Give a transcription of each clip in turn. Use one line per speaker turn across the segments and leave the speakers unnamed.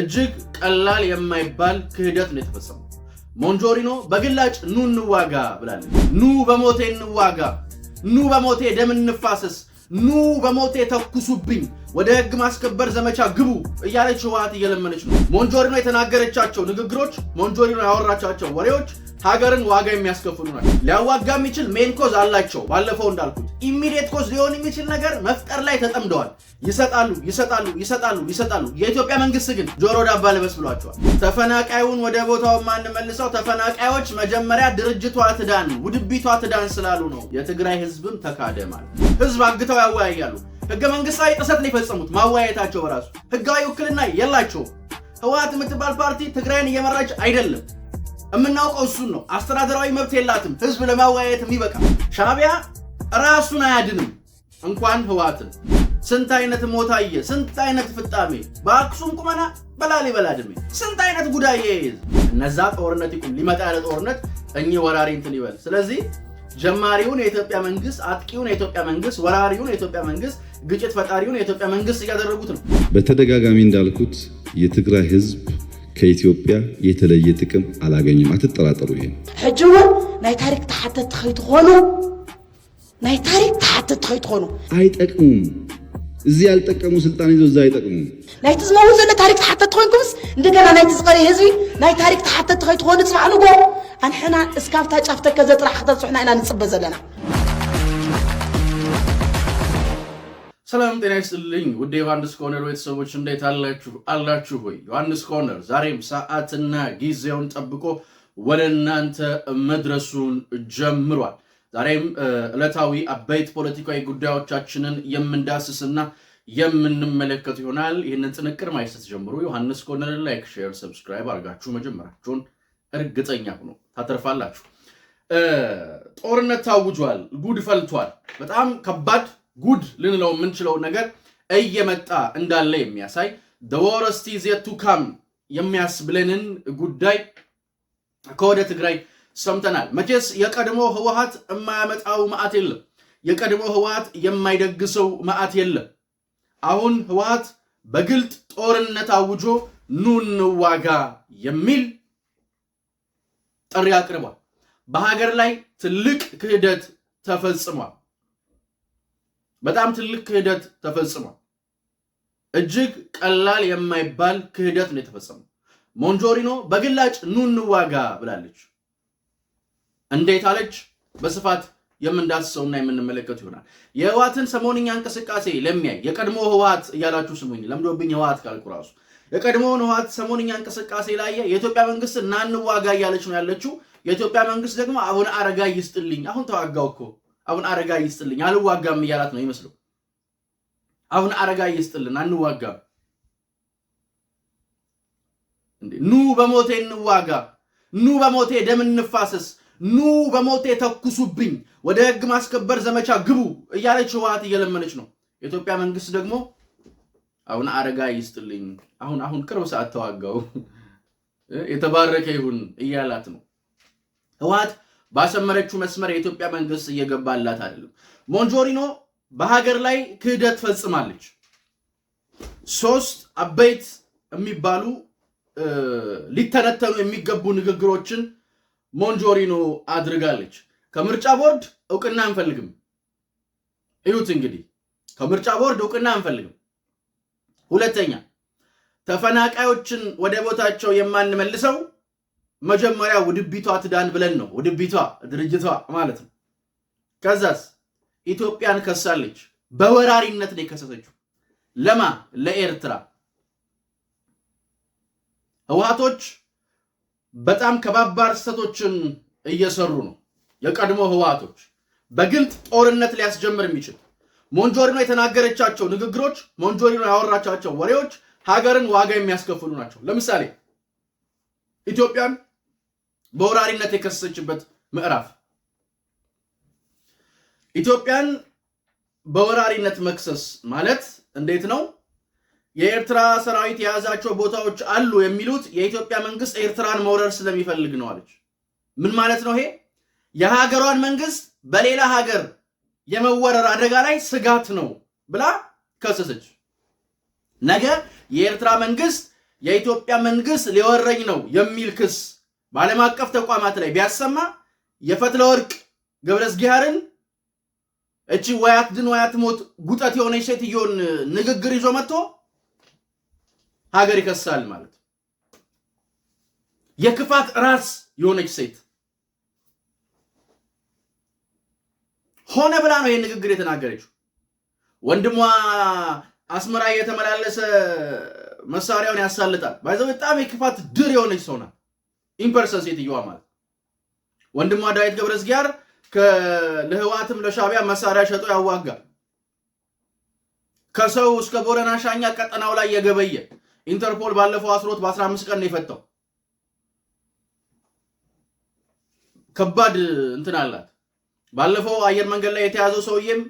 እጅግ ቀላል የማይባል ክህደት ነው የተፈጸመው። ሞንጆሪኖ በግላጭ ኑ እንዋጋ ብላለች። ኑ በሞቴ እንዋጋ፣ ኑ በሞቴ ደም እንፋሰስ፣ ኑ በሞቴ ተኩሱብኝ፣ ወደ ህግ ማስከበር ዘመቻ ግቡ እያለች ህወሓት እየለመነች ነው። ሞንጆሪኖ የተናገረቻቸው ንግግሮች፣ ሞንጆሪኖ ያወራቻቸው ወሬዎች ሀገርን ዋጋ የሚያስከፍሉ ናቸው። ሊያዋጋ የሚችል ሜን ኮዝ አላቸው። ባለፈው እንዳልኩት ኢሚዲየት ኮዝ ሊሆን የሚችል ነገር መፍጠር ላይ ተጠምደዋል። ይሰጣሉ፣ ይሰጣሉ፣ ይሰጣሉ፣ ይሰጣሉ። የኢትዮጵያ መንግስት ግን ጆሮ ዳባ ልበስ ብሏቸዋል። ተፈናቃዩን ወደ ቦታው ማንመልሰው ተፈናቃዮች መጀመሪያ ድርጅቷ ትዳን፣ ውድቢቷ ትዳን ስላሉ ነው። የትግራይ ህዝብም ተካደማል። ህዝብ አግተው ያወያያሉ። ህገ መንግስታዊ ጥሰት ነው የፈጸሙት። ማወያየታቸው በራሱ ህጋዊ ውክልና የላቸውም። ህወሓት የምትባል ፓርቲ ትግራይን እየመራች አይደለም። የምናውቀው እሱን ነው። አስተዳደራዊ መብት የላትም ህዝብ ለማወያየት የሚበቃ ሻቢያ ራሱን አያድንም እንኳን ህዋትን ስንት አይነት ሞታየ፣ ስንት አይነት ፍጣሜ፣ በአክሱም ቁመና በላሊበላ ዕድሜ ስንት አይነት ጉዳይ ይዝ እነዛ ጦርነት ይቁም፣ ሊመጣ ያለ ጦርነት እኚህ ወራሪ እንትን ይበል። ስለዚህ ጀማሪውን የኢትዮጵያ መንግስት፣ አጥቂውን የኢትዮጵያ መንግስት፣ ወራሪውን የኢትዮጵያ መንግስት፣ ግጭት ፈጣሪውን የኢትዮጵያ መንግስት እያደረጉት ነው።
በተደጋጋሚ እንዳልኩት የትግራይ ህዝብ ከኢትዮጵያ የተለየ ጥቅም አላገኘም። አትጠራጠሩ። ይሄን
ሕጂ እውን ናይ ታሪክ ተሓተቲ ከይትኾኑ ናይ ታሪክ ተሓተቲ ከይትኾኑ
አይጠቅሙም። እዚህ ያልጠቀሙ ስልጣን ይዞ እዛ አይጠቅሙም።
ናይቲ ዝመውን ዘሎ ታሪክ ተሓተቲ ኮይንኩምስ እንደገና ናይቲ ዝቐረየ ህዝቢ ናይ ታሪክ ተሓተቲ ከይትኾኑ ፅባዕንጎ ኣንሕና እስካብታ ጫፍተከ ዘጥራሕ ክተብፅሑና ኢና ንፅበ ዘለና ሰላም ጤና ይስጥልኝ ውድ ዮሐንስ ኮርነር ቤተሰቦች እንዴት አላችሁ? አላችሁ ሆይ ዮሐንስ ኮርነር ዛሬም ሰዓትና ጊዜውን ጠብቆ ወደ እናንተ መድረሱን ጀምሯል። ዛሬም ዕለታዊ አበይት ፖለቲካዊ ጉዳዮቻችንን የምንዳስስና የምንመለከት ይሆናል። ይህንን ጥንቅር ማየት ስትጀምሩ ዮሐንስ ኮርነር ላይክ፣ ሼር፣ ሰብስክራይብ አድርጋችሁ መጀመራችሁን እርግጠኛ ሁኑ። ታተርፋላችሁ። ጦርነት ታውጇል። ጉድ ፈልቷል። በጣም ከባድ ጉድ ልንለው የምንችለው ነገር እየመጣ እንዳለ የሚያሳይ ደወረስቲ ዜቱ ካም የሚያስብለንን ጉዳይ ከወደ ትግራይ ሰምተናል። መቼስ የቀድሞ ህወሓት የማያመጣው መዓት የለም። የቀድሞ ህወሓት የማይደግሰው መዓት የለም። አሁን ህወሓት በግልጥ ጦርነት አውጆ ኑ እንዋጋ የሚል ጥሪ አቅርቧል። በሀገር ላይ ትልቅ ክህደት ተፈጽሟል። በጣም ትልቅ ክህደት ተፈጽሟል። እጅግ ቀላል የማይባል ክህደት ነው የተፈጸመው። ሞንጆሪኖ በግላጭ ኑ እንዋጋ ብላለች። እንዴት አለች? በስፋት የምንዳስሰውና የምንመለከት ይሆናል። የህወሓትን ሰሞንኛ እንቅስቃሴ ለሚያይ የቀድሞ ህወሓት እያላችሁ ስሙኝ፣ ለምዶብኝ ህወሓት ካልኩ ራሱ የቀድሞውን ህወሓት ሰሞንኛ እንቅስቃሴ ላየ የኢትዮጵያ መንግስት ና እንዋጋ እያለች ነው ያለችው። የኢትዮጵያ መንግስት ደግሞ አሁን አረጋ ይስጥልኝ፣ አሁን ተዋጋው እኮ አሁን አረጋ ይስጥልኝ አልዋጋም እያላት ነው ይመስለው። አሁን አረጋ ይስጥልን አንዋጋም፣ ኑ በሞቴ እንዋጋ፣ ኑ በሞቴ ደም እንፋሰስ፣ ኑ በሞቴ ተኩሱብኝ፣ ወደ ህግ ማስከበር ዘመቻ ግቡ እያለች ህወሓት እየለመነች ነው። የኢትዮጵያ መንግስት ደግሞ አሁን አረጋ ይስጥልኝ፣ አሁን አሁን ቅርብ ሰዓት ተዋጋው የተባረከ ይሁን እያላት ነው ህወሓት ባሰመረችው መስመር የኢትዮጵያ መንግስት እየገባላት አይደለም። ሞንጆሪኖ በሀገር ላይ ክህደት ፈጽማለች። ሶስት አበይት የሚባሉ ሊተነተኑ የሚገቡ ንግግሮችን ሞንጆሪኖ አድርጋለች። ከምርጫ ቦርድ እውቅና አንፈልግም። እዩት እንግዲህ ከምርጫ ቦርድ እውቅና አንፈልግም። ሁለተኛ ተፈናቃዮችን ወደ ቦታቸው የማንመልሰው መጀመሪያ ውድቢቷ ትዳን ብለን ነው። ውድቢቷ ድርጅቷ ማለት ነው። ከዛስ ኢትዮጵያን ከሳለች። በወራሪነት ነው የከሰሰችው። ለማ ለኤርትራ ህወሓቶች በጣም ከባባር ስህተቶችን እየሰሩ ነው። የቀድሞ ህወሓቶች በግልጥ ጦርነት ሊያስጀምር የሚችል ሞንጆሪኖ የተናገረቻቸው ንግግሮች፣ ሞንጆሪኖ ያወራቻቸው ወሬዎች ሀገርን ዋጋ የሚያስከፍሉ ናቸው። ለምሳሌ ኢትዮጵያን በወራሪነት የከሰሰችበት ምዕራፍ ኢትዮጵያን በወራሪነት መክሰስ ማለት እንዴት ነው? የኤርትራ ሰራዊት የያዛቸው ቦታዎች አሉ የሚሉት የኢትዮጵያ መንግስት ኤርትራን መውረር ስለሚፈልግ ነው አለች። ምን ማለት ነው ይሄ? የሀገሯን መንግስት በሌላ ሀገር የመወረር አደጋ ላይ ስጋት ነው ብላ ከሰሰች። ነገ የኤርትራ መንግስት የኢትዮጵያ መንግስት ሊወረኝ ነው የሚል ክስ በዓለም አቀፍ ተቋማት ላይ ቢያሰማ የፈትለ ወርቅ ገብረእግዚአብሔርን እቺ ወያት ድን ወያት ሞት ጉጠት የሆነች ሴትዮን ንግግር ይዞ መጥቶ ሀገር ይከሳል ማለት የክፋት ራስ የሆነች ሴት ሆነ ብላ ነው ይህን ንግግር የተናገረችው። ወንድሟ አስመራ እየተመላለሰ መሳሪያውን ያሳልጣል። ባይዘው በጣም የክፋት ድር የሆነች ሰው ናት። ኢምፐርሰን ሴትዮዋ ማለት ወንድሟ ዳዊት ገብረዝጊያር ለህወሓትም ለሻቢያ መሳሪያ ሸጦ ያዋጋ ከሰው እስከ ቦረና ሻኛ ቀጠናው ላይ የገበየ ኢንተርፖል ባለፈው አስሮት በ15 ቀን ነው የፈታው። ከባድ እንትን አላት። ባለፈው አየር መንገድ ላይ የተያዘው ሰውዬም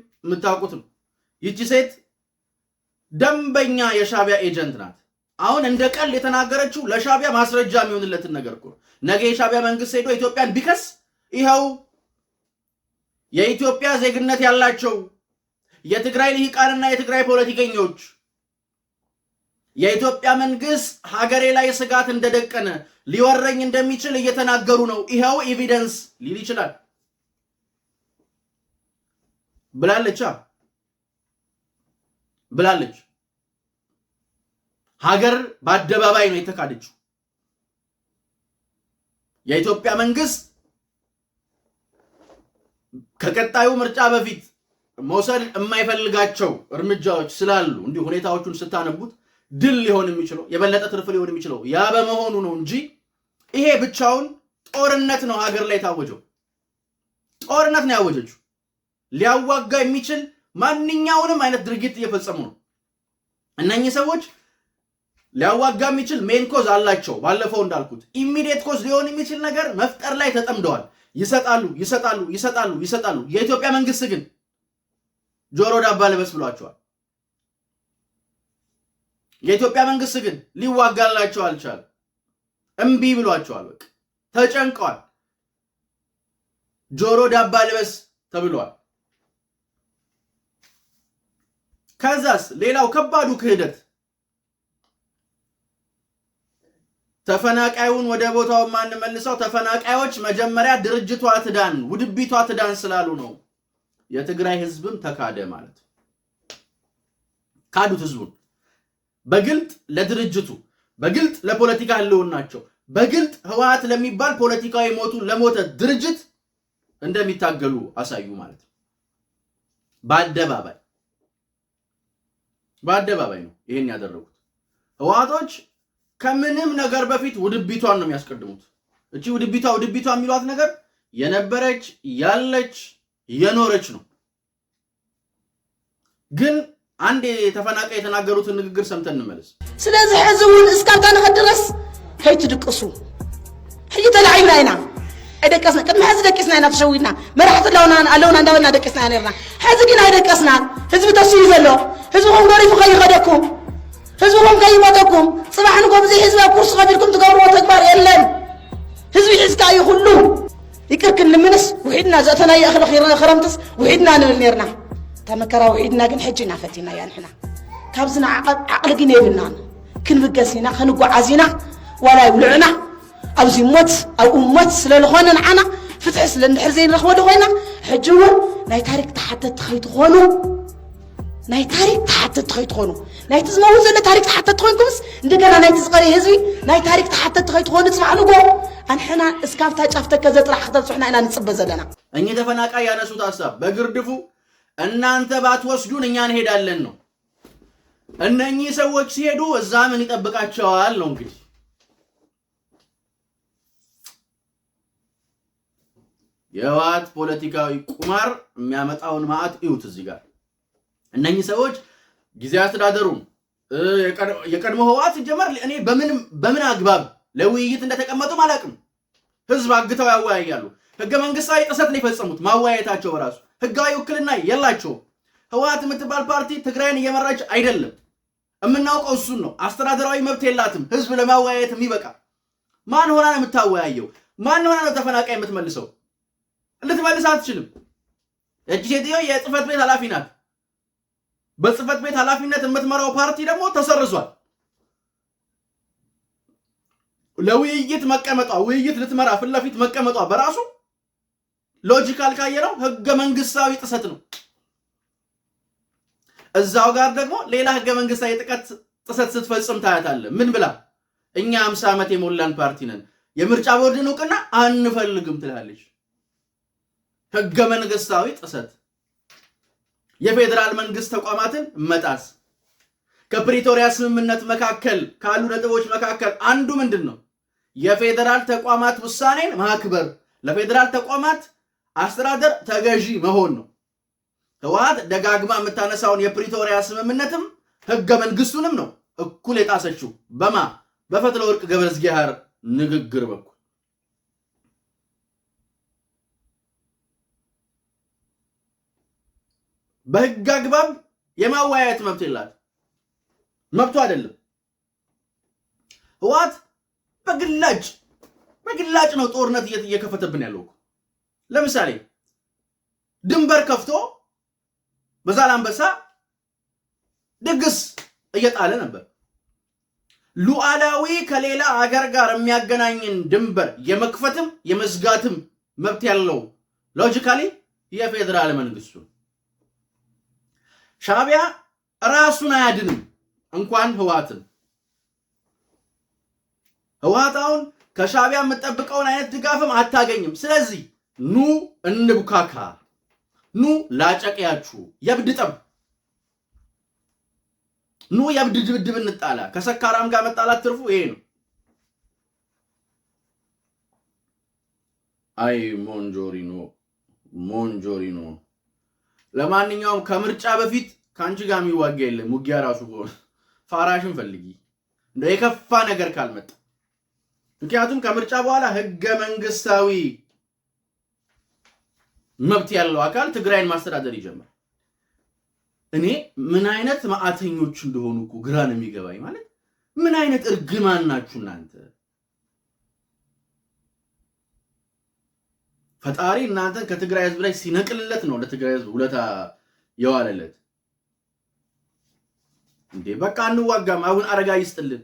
ነው። ይቺ ሴት ደንበኛ የሻቢያ ኤጀንት ናት። አሁን እንደ ቀል የተናገረችው ለሻቢያ ማስረጃ የሚሆንለትን ነገር እኮ ነገ የሻቢያ መንግስት ሄዶ ኢትዮጵያን ቢከስ ይኸው የኢትዮጵያ ዜግነት ያላቸው የትግራይ ልሂቃንና የትግራይ ፖለቲከኞች የኢትዮጵያ መንግስት ሀገሬ ላይ ስጋት እንደደቀነ ሊወረኝ እንደሚችል እየተናገሩ ነው፣ ይኸው ኤቪደንስ ሊል ይችላል ብላለች ብላለች። ሀገር በአደባባይ ነው የተካደችው። የኢትዮጵያ መንግስት ከቀጣዩ ምርጫ በፊት መውሰድ የማይፈልጋቸው እርምጃዎች ስላሉ እንዲሁ ሁኔታዎቹን ስታነቡት ድል ሊሆን የሚችለው የበለጠ ትርፍ ሊሆን የሚችለው ያ በመሆኑ ነው እንጂ ይሄ ብቻውን ጦርነት ነው ሀገር ላይ የታወጀው። ጦርነት ነው ያወጀችው። ሊያዋጋ የሚችል ማንኛውንም አይነት ድርጊት እየፈጸሙ ነው እነኚህ ሰዎች። ሊያዋጋ የሚችል ሜን ኮዝ አላቸው። ባለፈው እንዳልኩት ኢሚዲየት ኮዝ ሊሆን የሚችል ነገር መፍጠር ላይ ተጠምደዋል። ይሰጣሉ ይሰጣሉ ይሰጣሉ ይሰጣሉ። የኢትዮጵያ መንግስት ግን ጆሮ ዳባ ልበስ ብሏቸዋል። የኢትዮጵያ መንግስት ግን ሊዋጋላቸው አልቻለም። እምቢ ብሏቸዋል። በቃ ተጨንቀዋል። ጆሮ ዳባ ልበስ ተብሏል። ከዛስ ሌላው ከባዱ ክህደት ተፈናቃዩን ወደ ቦታው የማንመልሰው ተፈናቃዮች መጀመሪያ ድርጅቷ ትዳን፣ ውድቢቷ ትዳን ስላሉ ነው። የትግራይ ህዝብም ተካደ ማለት ካዱት። ህዝቡን በግልጥ ለድርጅቱ፣ በግልጥ ለፖለቲካ ህልውናቸው፣ በግልጥ ህወሓት ለሚባል ፖለቲካዊ ሞቱ ለሞተ ድርጅት እንደሚታገሉ አሳዩ ማለት ነው። በአደባባይ በአደባባይ ነው ይሄን ያደረጉት ህወሓቶች ከምንም ነገር በፊት ውድቢቷን ነው የሚያስቀድሙት። እቺ ውድቢቷ ውድቢቷ የሚሏት ነገር የነበረች ያለች የኖረች ነው። ግን አንዴ ተፈናቃይ የተናገሩትን ንግግር ሰምተን እንመለስ። ስለዚህ ሕዝቡን እስካልታንኸ ድረስ ድቅሱ ሕጂ ተላዒብና ኢና ኣይደቀስና ቅድሚ ሕዚ ደቂስና ኢና ተሸዊድና መራሕቲ ኣለውና እንዳበልና ደቂስና ኢና ነርና ሕዚ ግን ኣይደቀስና ህዝቢ ተስዩ ዘሎ ህዝቢኹም ገሪፉ ከይኸደኩም ህዝብኩም ከይሞተኩም ፅባሕ ንጎምዚ ህዝበ ኩርስ ከቢልኩም ትገብርዎ ተግባር የለን ህዝቢ ሒዝካ እዩ ኩሉ ይቅር ክንልምንስ ውሒድና ዘእተናየ እኽሊ ክረምትስ ውሒድና ንብል ነርና እታ ውሒድና ግን ሕጂ እናፈቲና እያ ንሕና ካብዚና ዓቕሊ ግን የብልና ክንብገስ ኢና ክንጓዓዝ ኢና ዋላ ይብልዑና ኣብዚ ሞት ኣብኡ ሞት ስለዝኾነ ንዓና ፍትሒ ስለ ንድሕር ዘይንረኽበሉ ኮይና ሕጂ እውን ናይ ታሪክ ተሓተቲ ከይትኾኑ ናይ ታሪክ ተሓተቲ ከይትኾኑ ናይቲ ዝነብሩ ዘሎ ታሪክ ተሓተቲ ኮይንኩምስ እንደገና ናይቲ ዝቐረየ ህዝቢ ናይ ታሪክ ተሓተቲ ከይትኾኑ ፅባዕ ኣንሕና እስካብታ ጫፍተከ ዘጥራሕ ክተብፅሑና ኢና ንፅበ ዘለና እኚህ ተፈናቃይ ያነሱት ሀሳብ በግርድፉ እናንተ ባትወስዱን እኛ እንሄዳለን ነው። እነኚህ ሰዎች ሲሄዱ እዛ ምን ይጠብቃቸዋል ነው እንግዲህ የህወሓት ፖለቲካዊ ቁማር የሚያመጣውን ማዕት እዩት። እዚህ ጋር እነኚህ ሰዎች ጊዜ አስተዳደሩም የቀድሞ ህወሓት ሲጀመር እኔ በምን አግባብ ለውይይት እንደተቀመጡ አላቅም? ህዝብ አግተው ያወያያሉ። ህገ መንግስታዊ ጥሰት ነው የፈጸሙት። ማወያየታቸው በራሱ ህጋዊ ውክልና የላቸውም። ህወሓት የምትባል ፓርቲ ትግራይን እየመራች አይደለም። የምናውቀው እሱን ነው። አስተዳደራዊ መብት የላትም። ህዝብ ለማወያየት የሚበቃ ማን ሆና ነው የምታወያየው? ማን ሆና ነው ተፈናቃይ የምትመልሰው? እንድትመልስ አትችልም። እጅ ሴትዮ የጽህፈት ቤት ኃላፊ ናት። በጽህፈት ቤት ኃላፊነት የምትመራው ፓርቲ ደግሞ ተሰርዟል። ለውይይት መቀመጧ ውይይት ልትመራ ፊት ለፊት መቀመጧ በራሱ ሎጂካል ካየነው ህገ መንግስታዊ ጥሰት ነው። እዛው ጋር ደግሞ ሌላ ህገ መንግስታዊ ጥቀት ጥሰት ስትፈጽም ታያታለ። ምን ብላ እኛ አምሳ ዓመት የሞላን ፓርቲ ነን የምርጫ ቦርድን እውቅና አንፈልግም ትላለች። ህገ መንግስታዊ ጥሰት የፌዴራል መንግስት ተቋማትን መጣስ ከፕሪቶሪያ ስምምነት መካከል ካሉ ነጥቦች መካከል አንዱ ምንድን ነው? የፌዴራል ተቋማት ውሳኔን ማክበር፣ ለፌዴራል ተቋማት አስተዳደር ተገዢ መሆን ነው። ህወሓት ደጋግማ የምታነሳውን የፕሪቶሪያ ስምምነትም ህገ መንግስቱንም ነው እኩል የጣሰችው በማ በፈትለወርቅ ገብረእግዚአብሔር ንግግር በኩል በህግ አግባብ የማወያየት መብት የላት መብቱ አይደለም። ህወሓት በግላጭ በግላጭ ነው ጦርነት እየከፈተብን ያለው። ለምሳሌ ድንበር ከፍቶ በዛላንበሳ ድግስ እየጣለ ነበር። ሉዓላዊ ከሌላ አገር ጋር የሚያገናኝን ድንበር የመክፈትም የመዝጋትም መብት ያለው ሎጂካሊ የፌዴራል መንግስቱ ሻቢያ ራሱን አያድንም እንኳን ህወሓትን። ህወሓት ከሻቢያ የምጠብቀውን አይነት ድጋፍም አታገኝም። ስለዚህ ኑ እንቡካካ፣ ኑ ላጨቅያችሁ፣ የብድ ጠብ ኑ የብድ ድብድብ እንጣላ። ከሰካራም ጋር መጣላት ትርፉ ይሄ ነው። አይ ሞንጆሪኖ ሞንጆሪኖ ለማንኛውም ከምርጫ በፊት ከአንቺ ጋር የሚዋጋ የለም። ውጊያ ራሱ በሆነ ፋራሽን ፈልጊ እንደ የከፋ ነገር ካልመጣ። ምክንያቱም ከምርጫ በኋላ ህገ መንግስታዊ መብት ያለው አካል ትግራይን ማስተዳደር ይጀምራል። እኔ ምን አይነት ማዕተኞች እንደሆኑ እኮ ግራ ነው የሚገባኝ። ማለት ምን አይነት እርግማን ናችሁ እናንተ? ፈጣሪ እናንተ ከትግራይ ህዝብ ላይ ሲነቅልለት ነው ለትግራይ ህዝብ ውለታ የዋለለት። እንዴ በቃ አንዋጋም። አሁን አረጋ ይስጥልን፣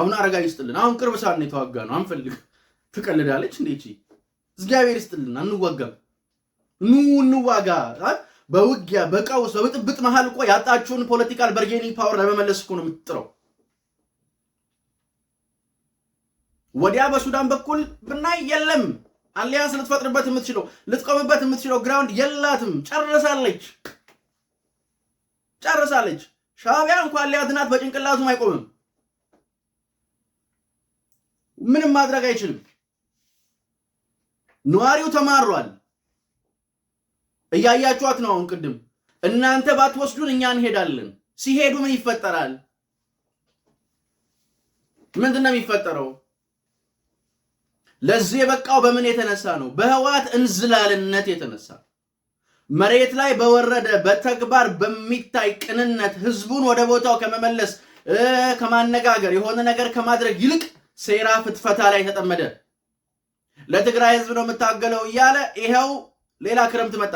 አሁን አረጋ ይስጥልን። አሁን ቅርብ ሰዓት ነው የተዋጋ ነው አንፈልግ። ትቀልዳለች እንዴ እቺ። እግዚአብሔር ይስጥልን፣ አንዋጋም። ኑ እንዋጋ። በውጊያ በቀውስ በብጥብጥ መሃል እኮ ያጣችሁን ፖለቲካል በርጌኒንግ ፓወር ለመመለስ እኮ ነው የምትጥረው። ወዲያ በሱዳን በኩል ብናይ የለም አሊያንስ ልትፈጥርበት የምትችለው ልትቆምበት የምትችለው ግራውንድ የላትም። ጨርሳለች ጨርሳለች። ሻቢያ እንኳ ሊያድናት በጭንቅላቱም አይቆምም። ምንም ማድረግ አይችልም። ነዋሪው ተማሯል። እያያችኋት ነው። አሁን ቅድም እናንተ ባትወስዱን እኛ እንሄዳለን። ሲሄዱ ምን ይፈጠራል? ምንድን ነው የሚፈጠረው? ለዚህ የበቃው በምን የተነሳ ነው? በህወሓት እንዝላልነት የተነሳ መሬት ላይ በወረደ በተግባር በሚታይ ቅንነት ህዝቡን ወደ ቦታው ከመመለስ ከማነጋገር የሆነ ነገር ከማድረግ ይልቅ ሴራ ፍትፈታ ላይ ተጠመደ። ለትግራይ ህዝብ ነው የምታገለው እያለ ይኸው ሌላ ክረምት መጣ።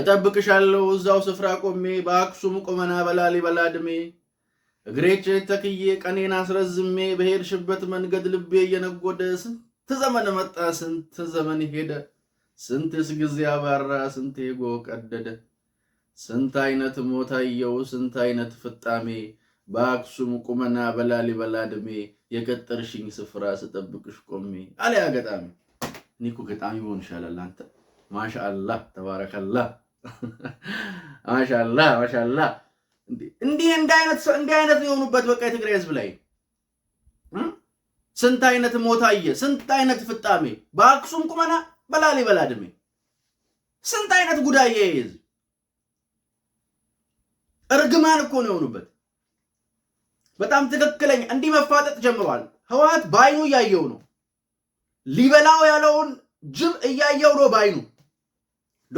እጠብቅሻለሁ እዛው ስፍራ ቆሜ በአክሱም ቁመና በላሊበላ እድሜ። እግሬ ተክዬ ቀኔን አስረዝሜ በሄድሽበት መንገድ ልቤ እየነጎደ ስንት ዘመን መጣ ስንት ዘመን ሄደ ስንትስ ጊዜ አባራ ስንት ሄጎ ቀደደ ስንት አይነት ሞት አየው ስንት አይነት ፍጣሜ በአክሱም ቁመና በላሊበላ ዕድሜ የቀጠርሽኝ ስፍራ ስጠብቅሽ ቆሜ አለያ ገጣሚ እኔ እኮ ገጣሚ ሆን ይሻላል አንተ ማሻአላህ ተባረከላህ ማሻአላህ ማሻአላህ እንዲህ እንዲህ አይነት ሰው እንዲህ አይነት የሆኑበት በቃ የትግራይ ህዝብ ላይ ስንት አይነት ሞታየ፣ ስንት አይነት ፍጣሜ፣ በአክሱም ቁመና በላሊበላ እድሜ ስንት አይነት ጉዳየ ህዝብ እርግማን እኮ ነው የሆኑበት። በጣም ትክክለኛ እንዲህ መፋጠጥ ጀምሯል። ህወሓት በአይኑ እያየው ነው። ሊበላው ያለውን ጅብ እያየው ነው በአይኑ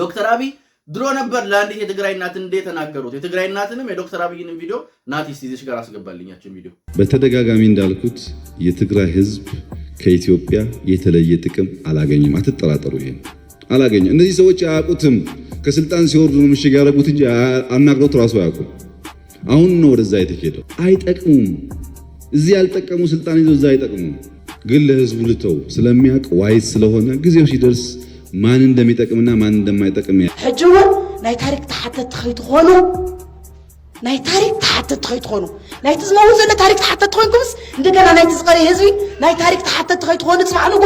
ዶክተር አብይ ድሮ ነበር ለአንዲት የትግራይ እናት እንደ ተናገሩት የትግራይ እናትንም የዶክተር አብይንም ቪዲዮ ናቲ ዚች ጋር አስገባልኛቸው ቪዲዮ።
በተደጋጋሚ እንዳልኩት የትግራይ ህዝብ ከኢትዮጵያ የተለየ ጥቅም አላገኘም። አትጠራጠሩ፣ ይሄን አላገኘም። እነዚህ ሰዎች አያውቁትም። ከስልጣን ሲወርዱ ነው ምሽግ ያደረጉት እንጂ አናግረውት ራሱ አያውቁም። አሁን ነው ወደዛ የተሄደው። አይጠቅሙም። እዚህ ያልጠቀሙ ስልጣን ይዘው እዛ አይጠቅሙም። ግን ለህዝቡ ልተው ስለሚያውቅ ዋይት ስለሆነ ጊዜው ሲደርስ ማን እንደሚጠቅምና ማን እንደማይጠቅም
ሕጂ እውን ናይ ታሪክ ተሓተቲ ከይትኾኑ ናይ ታሪክ ተሓተቲ ከይትኾኑ ናይቲ ዝመውት ዘሎ ታሪክ ተሓተቲ ኮይንኩምስ እንደገና ናይቲ ዝቐረየ ህዝቢ ናይ ታሪክ ተሓተቲ ከይትኾኑ ፅማዕ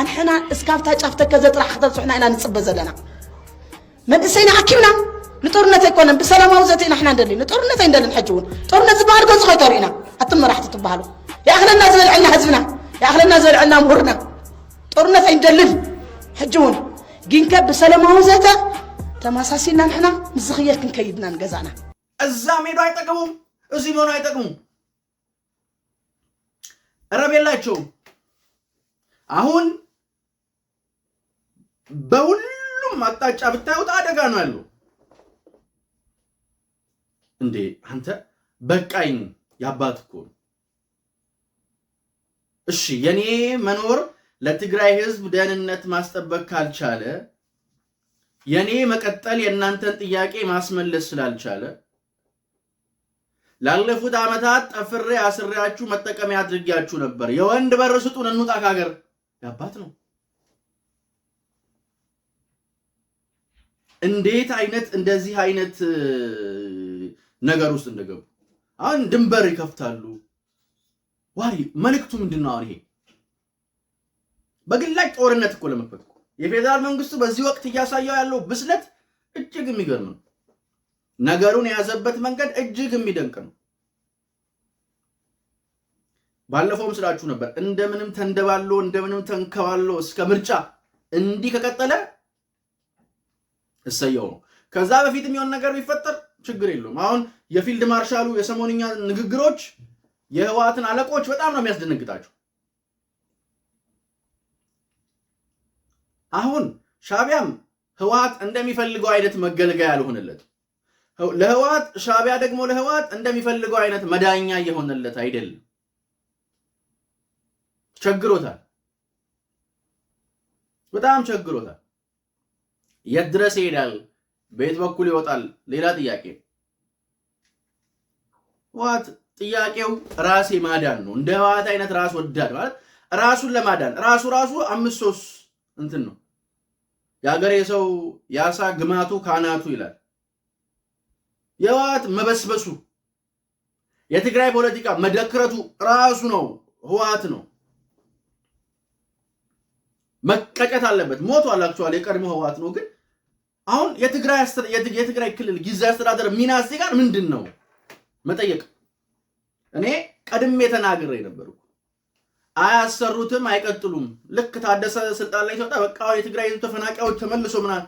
ኣንሕና እስካብታ ጫፍተከ ዘጥራሕ ክተብፅሑና ኢና ንፅበ ዘለና መንእሰይና ኣኪብና ንጦርነት ኣይኮነን ብሰላማዊ ዘተ ኢና ንደሊ ንጦርነት ኣይንደልን ሕጂ እውን ጦርነት ዝበሃል ገንፂ ኮይተርኢና ኣትም መራሕቲ ትበሃሉ የኣኽለና ዝበልዐልና ህዝብና የኣኽለና ዝበልዐልና ምሁርና ጦርነት ኣይንደልን ሕጂ እውን ግንከብ ብሰለማዊ ዘተ ተመሳሲልና ንሕና ምስ ዝኽየድ ክንከይድና ንገዛእና እዛ ሜዶ ኣይጠቅሙ እዚ መኑ ኣይጠቅሙ ረብ የላቸውም። አሁን በሁሉም አቅጣጫ ብታዩት አደጋ ነው ያለው። እንዴ አንተ በቃኝ ያባት እኮ እሺ የኔ መኖር ለትግራይ ህዝብ ደህንነት ማስጠበቅ ካልቻለ የኔ መቀጠል የእናንተን ጥያቄ ማስመለስ ስላልቻለ ላለፉት ዓመታት ጠፍሬ አስሬያችሁ መጠቀሚያ አድርጊያችሁ ነበር። የወንድ በር ስጡን እንውጣ ከሀገር ያባት ነው። እንዴት አይነት እንደዚህ አይነት ነገር ውስጥ እንደገቡ አሁን ድንበር ይከፍታሉ። ዋሪ መልእክቱ ምንድን ነው? አሁን ይሄ በግላጭ ጦርነት እኮ ለመክፈት እኮ የፌዴራል መንግስቱ በዚህ ወቅት እያሳየው ያለው ብስለት እጅግ የሚገርም ነው። ነገሩን የያዘበት መንገድ እጅግ የሚደንቅ ነው። ባለፈውም ስላችሁ ነበር። እንደምንም ተንደባሎ እንደምንም ተንከባሎ እስከ ምርጫ እንዲህ ከቀጠለ እሰየው ነው። ከዛ በፊት የሚሆን ነገር ቢፈጠር ችግር የለውም። አሁን የፊልድ ማርሻሉ የሰሞንኛ ንግግሮች የህወሓትን አለቆች በጣም ነው የሚያስደነግጣቸው። አሁን ሻቢያም ህወሓት እንደሚፈልገው አይነት መገልገያ ያልሆነለት ለህወሓት ሻቢያ ደግሞ ለህወሓት እንደሚፈልገው አይነት መዳኛ እየሆነለት አይደለም። ቸግሮታል፣ በጣም ቸግሮታል። የት ድረስ ይሄዳል? በየት በኩል ይወጣል? ሌላ ጥያቄ። ህወሓት ጥያቄው ራሴ ማዳን ነው። እንደ ህወሓት አይነት ራስ ወዳድ ማለት ራሱን ለማዳን ራሱ ራሱ አምስት ሶስት እንትን ነው የሀገሬ ሰው ያሳ ግማቱ ካናቱ ይላል። የህወሓት መበስበሱ የትግራይ ፖለቲካ መደክረቱ ራሱ ነው ህወሓት ነው። መቀጨት አለበት። ሞቷል። አክቹዋሊ የቀድሞ ህወሓት ነው። ግን አሁን የትግራይ ክልል ጊዜያዊ አስተዳደር ሚና እዚህ ጋር ምንድን ነው መጠየቅ። እኔ ቀድሜ ተናግሬ ነበርኩ። አያሰሩትም፣ አይቀጥሉም። ልክ ታደሰ ስልጣን ላይ ሲወጣ በቃ የትግራይ ህዝብ ተፈናቃዮች ተመልሶ ምናል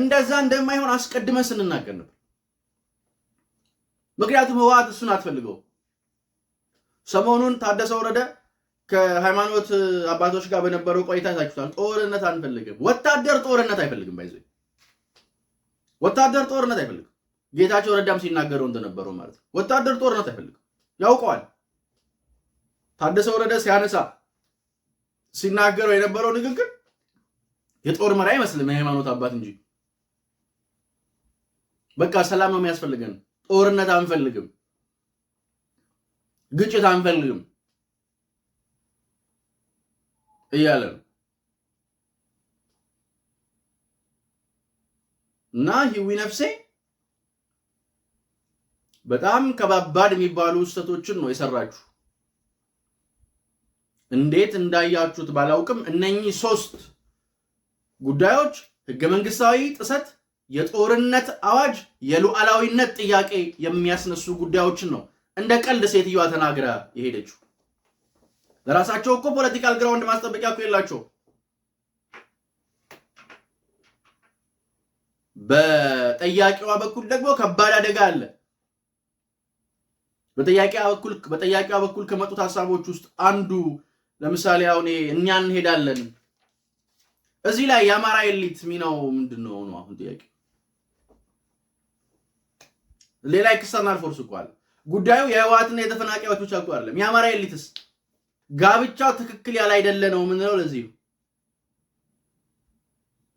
እንደዛ እንደማይሆን አስቀድመን ስንናገር ነበር። ምክንያቱም ህወሓት እሱን አትፈልገው። ሰሞኑን ታደሰ ወረደ ከሃይማኖት አባቶች ጋር በነበረው ቆይታ ታችቷል። ጦርነት አንፈልግም፣ ወታደር ጦርነት አይፈልግም፣ ባይዘ ወታደር ጦርነት አይፈልግም። ጌታቸው ረዳም ሲናገረው እንደነበረው ማለት ነው። ወታደር ጦርነት አይፈልግም፣ ያውቀዋል። ታደሰ ወረደ ሲያነሳ ሲናገረው የነበረው ንግግር የጦር መሪ አይመስልም፣ የሃይማኖት አባት እንጂ። በቃ ሰላም ነው የሚያስፈልገን፣ ጦርነት አንፈልግም፣ ግጭት አንፈልግም እያለ ነው እና ህዊ ነፍሴ በጣም ከባባድ የሚባሉ ስህተቶችን ነው የሰራችሁ። እንዴት እንዳያችሁት ባላውቅም እነኚህ ሶስት ጉዳዮች ህገ መንግስታዊ ጥሰት፣ የጦርነት አዋጅ፣ የሉዓላዊነት ጥያቄ የሚያስነሱ ጉዳዮችን ነው እንደ ቀልድ ሴትዮዋ ተናግራ የሄደችው። ለራሳቸው እኮ ፖለቲካል ግራውንድ ማስጠበቂያ እኮ የላቸው። በጠያቂዋ በኩል ደግሞ ከባድ አደጋ አለ። በጠያቂዋ በኩል ከመጡት ሀሳቦች ውስጥ አንዱ ለምሳሌ አሁን እኛ እንሄዳለን እዚህ ላይ የአማራ ኤሊት ሚናው ምንድን ነው ነው አሁን ጥያቄ። ሌላ ኤክስተርናል ፎርስ እኮ አለ። ጉዳዩ የህወሓትና የተፈናቃዮች ብቻ እኮ አይደለም። የአማራ ኤሊትስ ጋብቻው ትክክል ያለ አይደለ ነው የምንለው ለዚህ ነው።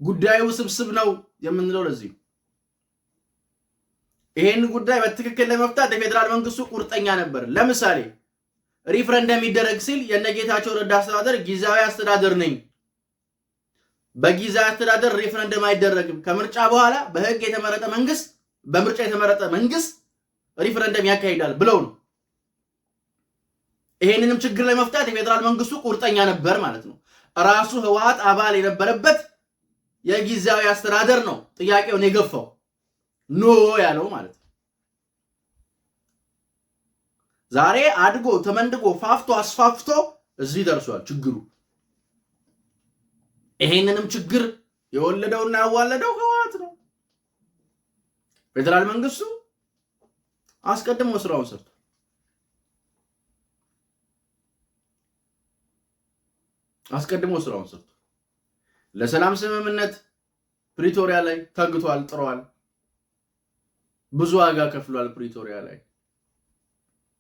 ጉዳዩ ስብስብ ነው የምንለው ለዚህ ነው። ይሄን ጉዳይ በትክክል ለመፍታት የፌዴራል መንግስቱ ቁርጠኛ ነበር። ለምሳሌ ሪፍረንደም የሚደረግ ሲል የነጌታቸው ረዳ አስተዳደር ጊዜያዊ አስተዳደር ነኝ። በጊዜያዊ አስተዳደር ሪፍረንደም አይደረግም። ከምርጫ በኋላ በህግ የተመረጠ መንግስት በምርጫ የተመረጠ መንግስት ሪፍረንደም ያካሂዳል ብለው ነው። ይሄንንም ችግር ለመፍታት የፌዴራል መንግስቱ ቁርጠኛ ነበር ማለት ነው። ራሱ ህወሓት አባል የነበረበት የጊዜያዊ አስተዳደር ነው ጥያቄውን የገፋው ኖ ያለው ማለት ነው። ዛሬ አድጎ ተመንድጎ ፋፍቶ አስፋፍቶ እዚህ ደርሷል ችግሩ። ይሄንንም ችግር የወለደውና ያዋለደው ህወሓት ነው። ፌዴራል መንግስቱ አስቀድሞ ስራውን ሰርቶ አስቀድሞ ስራውን ሰርቶ ለሰላም ስምምነት ፕሪቶሪያ ላይ ተግቷል፣ ጥሯል፣ ብዙ ዋጋ ከፍሏል ፕሪቶሪያ ላይ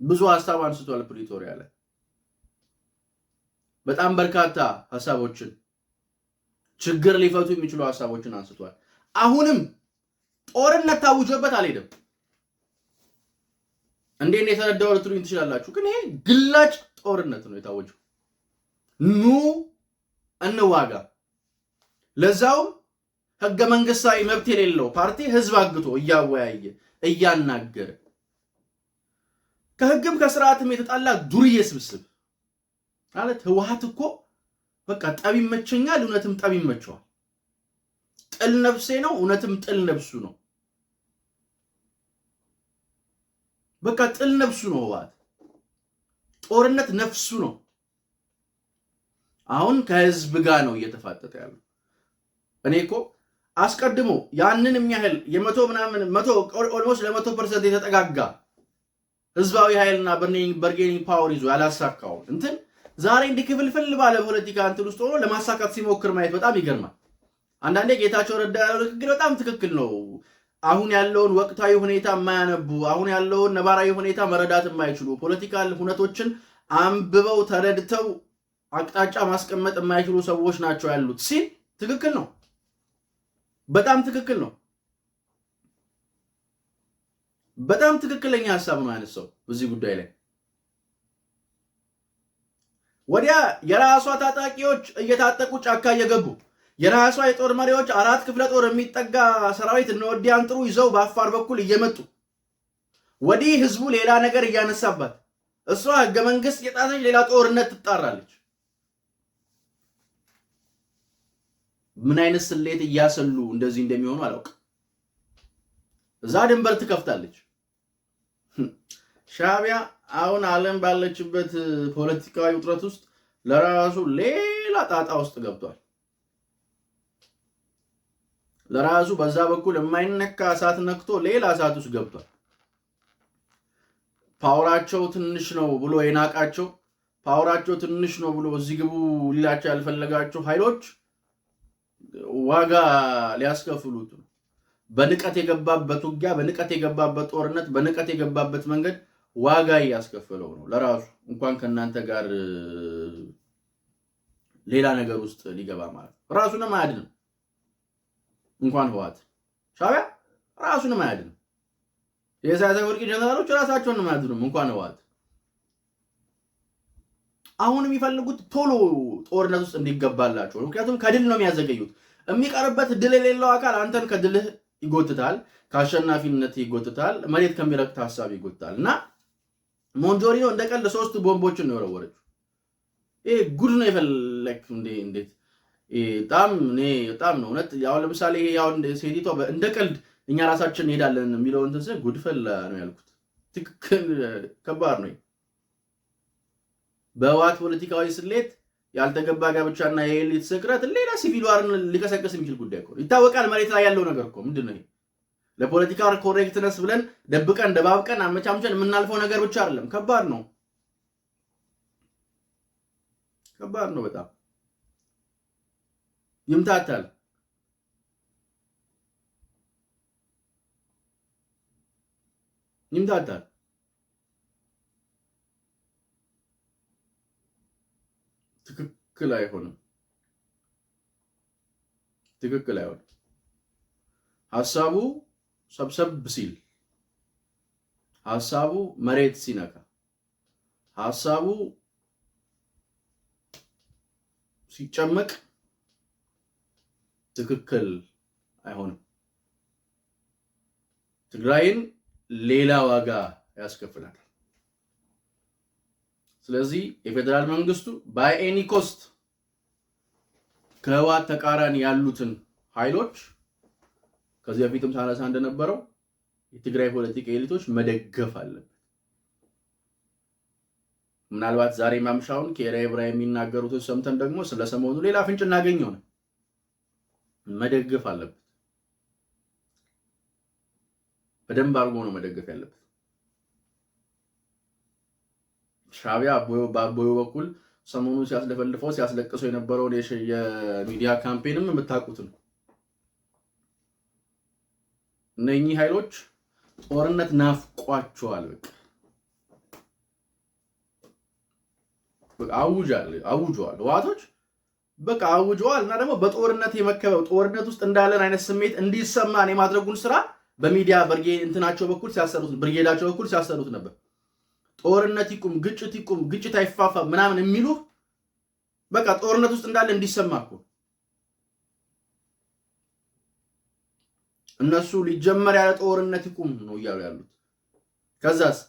ብዙ ሀሳብ አንስቷል። ፕሪቶሪያ ላይ በጣም በርካታ ሀሳቦችን ችግር ሊፈቱ የሚችሉ ሀሳቦችን አንስቷል። አሁንም ጦርነት ታውጆበት አልሄደም። እንዴት ነው የተረዳው ልትሉኝ ትችላላችሁ። ግን ይሄ ግላጭ ጦርነት ነው የታወጀው። ኑ እንዋጋ። ለዛውም ህገ መንግስታዊ መብት የሌለው ፓርቲ ህዝብ አግቶ እያወያየ እያናገረ ከህግም ከስርዓትም የተጣላ ዱርዬ ስብስብ ማለት ህወሓት እኮ በቃ ጠብ ይመቸኛል፣ እውነትም ጠብ ይመቸዋል። ጥል ነፍሴ ነው፣ እውነትም ጥል ነፍሱ ነው። በቃ ጥል ነፍሱ ነው ህወሓት። ጦርነት ነፍሱ ነው። አሁን ከህዝብ ጋር ነው እየተፋጠጠ ያሉ። እኔ እኮ አስቀድሞ ያንን የሚያህል የመቶ ምናምን መቶ ኦልሞስት ለመቶ ፐርሰንት የተጠጋጋ ህዝባዊ ኃይልና በርጌኒንግ ፓወር ይዞ ያላሳካውን እንትን ዛሬ እንዲህ ክፍልፍል ባለ ፖለቲካ እንትን ውስጥ ሆኖ ለማሳካት ሲሞክር ማየት በጣም ይገርማል። አንዳንዴ ጌታቸው ረዳ ያለው ንግግር በጣም ትክክል ነው። አሁን ያለውን ወቅታዊ ሁኔታ የማያነቡ አሁን ያለውን ነባራዊ ሁኔታ መረዳት የማይችሉ ፖለቲካል ሁነቶችን አንብበው ተረድተው አቅጣጫ ማስቀመጥ የማይችሉ ሰዎች ናቸው ያሉት ሲል ትክክል ነው። በጣም ትክክል ነው። በጣም ትክክለኛ ሀሳብ ነው ያነሳው በዚህ ጉዳይ ላይ። ወዲያ የራሷ ታጣቂዎች እየታጠቁ ጫካ እየገቡ የራሷ የጦር መሪዎች አራት ክፍለ ጦር የሚጠጋ ሰራዊት እነ ወዲያን ጥሩ ይዘው በአፋር በኩል እየመጡ ወዲህ ህዝቡ ሌላ ነገር እያነሳባት እሷ ህገ መንግስት የጣሰች ሌላ ጦርነት ትጣራለች። ምን አይነት ስሌት እያሰሉ እንደዚህ እንደሚሆኑ አላውቅም። እዛ ድንበር ትከፍታለች። ሻቢያ አሁን ዓለም ባለችበት ፖለቲካዊ ውጥረት ውስጥ ለራሱ ሌላ ጣጣ ውስጥ ገብቷል። ለራሱ በዛ በኩል የማይነካ እሳት ነክቶ ሌላ እሳት ውስጥ ገብቷል። ፓወራቸው ትንሽ ነው ብሎ የናቃቸው፣ ፓወራቸው ትንሽ ነው ብሎ እዚህ ግቡ ሊላቸው ያልፈለጋቸው ኃይሎች ዋጋ ሊያስከፍሉት ነው። በንቀት የገባበት ውጊያ፣ በንቀት የገባበት ጦርነት፣ በንቀት የገባበት መንገድ ዋጋ እያስከፈለው ነው ለራሱ እንኳን ከእናንተ ጋር ሌላ ነገር ውስጥ ሊገባ ማለት ነው። ራሱንም አያድንም እንኳን ህዋት ሻቢያ ራሱንም አያድንም። የኢሳያስ አፈወርቂ ጀነራሎች ራሳቸውንም አያድኑም እንኳን ህዋት። አሁን የሚፈልጉት ቶሎ ጦርነት ውስጥ እንዲገባላቸው ነው። ምክንያቱም ከድል ነው የሚያዘገዩት። የሚቀርበት ድል የሌለው አካል አንተን ከድልህ ይጎትታል፣ ከአሸናፊነት ይጎትታል፣ መሬት ከሚረግጥ ሀሳብ ይጎትታል እና ሞንጆሪኖ እንደ ቀልድ ሶስት ቦምቦችን ነው የወረወረችው። ይሄ ጉድ ነው እንዴ! እንዴት በጣም እኔ በጣም ነው እውነት። አሁን ለምሳሌ ያው ሴቲቷ እንደ ቀልድ እኛ ራሳችን እንሄዳለን የሚለው እንትን ጉድ ጉድፈላ ነው ያልኩት። ትክክል ከባድ ነው። በህወሓት ፖለቲካዊ ስሌት ያልተገባ ጋብቻና የኤሊት ስቅረት ሌላ ሲቪል ዋርን ሊቀሰቅስ የሚችል ጉዳይ ይታወቃል። መሬት ላይ ያለው ነገር እኮ ምንድን ነው? ለፖለቲካ ኮሬክትነስ ብለን ደብቀን ደባብቀን አመቻምቸን የምናልፈው ነገር ብቻ አይደለም። ከባድ ነው፣ ከባድ ነው በጣም ይምታታል። ይምታታል። ትክክል አይሆንም። ትክክል አይሆንም ሀሳቡ ሰብሰብ ሲል ሀሳቡ መሬት ሲነካ ሀሳቡ ሲጨመቅ ትክክል አይሆንም። ትግራይን ሌላ ዋጋ ያስከፍላል። ስለዚህ የፌዴራል መንግስቱ ባይ ኤኒ ኮስት ከህወሓት ተቃራኒ ያሉትን ኃይሎች ከዚህ በፊትም ሳነሳ እንደነበረው የትግራይ ፖለቲካ ኤሊቶች መደገፍ አለበት። ምናልባት ዛሬ ማምሻውን ከኤራ ብራ የሚናገሩትን ሰምተን ደግሞ ስለ ሰሞኑ ሌላ ፍንጭ እናገኘው ነው። መደገፍ አለበት። በደንብ አድርጎ ነው መደገፍ ያለበት። ሻቢያ በአቦዩ በኩል ሰሞኑን ሲያስለፈልፈው ሲያስለቅሰው የነበረውን የሚዲያ ካምፔንም የምታውቁት ነው። እነኚህ ኃይሎች ጦርነት ናፍቋቸዋል። በቃ አውጇል ህወሓቶች በቃ አውጀዋል እና ደግሞ በጦርነት የመከበብ ጦርነት ውስጥ እንዳለን አይነት ስሜት እንዲሰማን የማድረጉን ስራ በሚዲያ ብርጌ እንትናቸው በኩል ሲያሰሩት ብርጌዳቸው በኩል ሲያሰሩት ነበር። ጦርነት ይቁም፣ ግጭት ይቁም፣ ግጭት አይፋፋም ምናምን የሚሉ በቃ ጦርነት ውስጥ እንዳለ እንዲሰማ እኮ እነሱ ሊጀመር ያለ ጦርነት ይቁም ነው እያሉ ያሉት። ከዛስ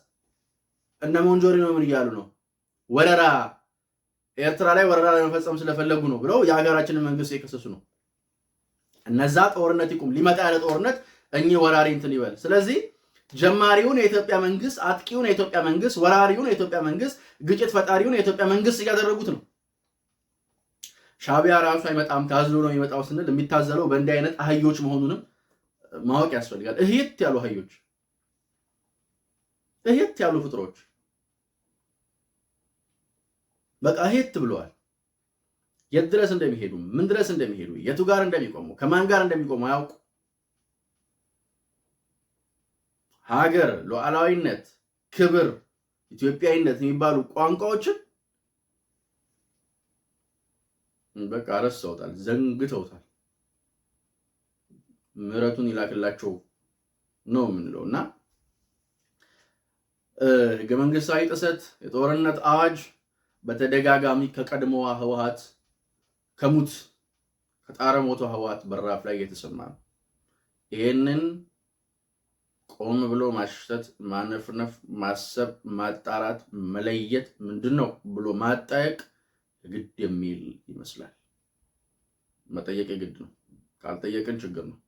እነ ሞንጆሪ ነው ምን እያሉ ነው? ወረራ ኤርትራ ላይ ወረራ ለመፈጸም ስለፈለጉ ነው ብለው የሀገራችንን መንግስት የከሰሱ ነው። እነዛ ጦርነት ይቁም፣ ሊመጣ ያለ ጦርነት እኚህ ወራሪ እንትን ይበል። ስለዚህ ጀማሪውን የኢትዮጵያ መንግስት፣ አጥቂውን የኢትዮጵያ መንግስት፣ ወራሪውን የኢትዮጵያ መንግስት፣ ግጭት ፈጣሪውን የኢትዮጵያ መንግስት እያደረጉት ነው። ሻቢያ ራሱ አይመጣም ታዝሎ ነው የሚመጣው ስንል የሚታዘለው በእንዲህ አይነት አህዮች መሆኑንም ማወቅ ያስፈልጋል። እህየት ያሉ አህዮች፣ እህየት ያሉ ፍጥሮች በቃ እህት ብለዋል። የት ድረስ እንደሚሄዱ ምን ድረስ እንደሚሄዱ የቱ ጋር እንደሚቆሙ ከማን ጋር እንደሚቆሙ አያውቁ። ሀገር፣ ሉዓላዊነት፣ ክብር፣ ኢትዮጵያዊነት የሚባሉ ቋንቋዎችን በቃ ረስተውታል፣ ዘንግተውታል። ምሕረቱን ይላክላቸው ነው የምንለው እና ህገ መንግስታዊ ጥሰት፣ የጦርነት አዋጅ በተደጋጋሚ ከቀድሞዋ ህወሓት ከሙት ከጣረ ሞቶ ህወሓት በራፍ ላይ እየተሰማ ነው። ይህንን ቆም ብሎ ማሽተት፣ ማነፍነፍ፣ ማሰብ፣ ማጣራት፣ መለየት ምንድን ነው ብሎ ማጠየቅ ግድ የሚል ይመስላል። መጠየቅ የግድ ነው። ካልጠየቅን ችግር ነው።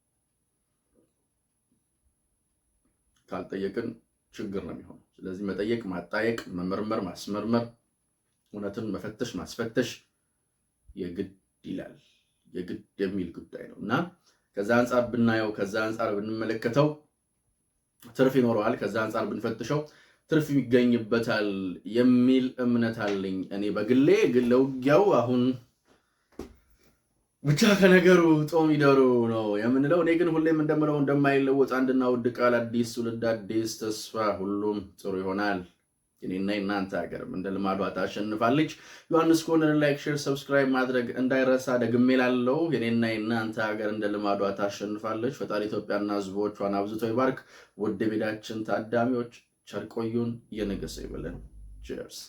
ካልጠየቅን ችግር ነው የሚሆነው። ስለዚህ መጠየቅ፣ ማጣየቅ፣ መመርመር፣ ማስመርመር፣ እውነትን መፈተሽ፣ ማስፈተሽ የግድ ይላል። የግድ የሚል ጉዳይ ነው እና ከዛ አንጻር ብናየው፣ ከዛ አንጻር ብንመለከተው ትርፍ ይኖረዋል። ከዛ አንጻር ብንፈትሸው ትርፍ ይገኝበታል የሚል እምነት አለኝ እኔ በግሌ ግን ለውጊያው አሁን ብቻ ከነገሩ ጦም ይደሩ ነው የምንለው። እኔ ግን ሁሌም እንደምለው እንደማይለወጥ አንድና ውድ ቃል፣ አዲስ ትውልድ፣ አዲስ ተስፋ፣ ሁሉም ጥሩ ይሆናል። እኔና እናንተ ሀገርም እንደ ልማዷ ታሸንፋለች። ዮሐንስ ኮርነር ላይክ፣ ሼር፣ ሰብስክራይብ ማድረግ እንዳይረሳ። ደግሜ ላለው እኔና እናንተ ሀገር እንደ ልማዷ ታሸንፋለች። ፈጣሪ ኢትዮጵያና ሕዝቦቿን አብዝቶ ይባርክ። ውድ ቤዳችን ታዳሚዎች ቸርቆዩን የነገሰ ይበለን። ቼርስ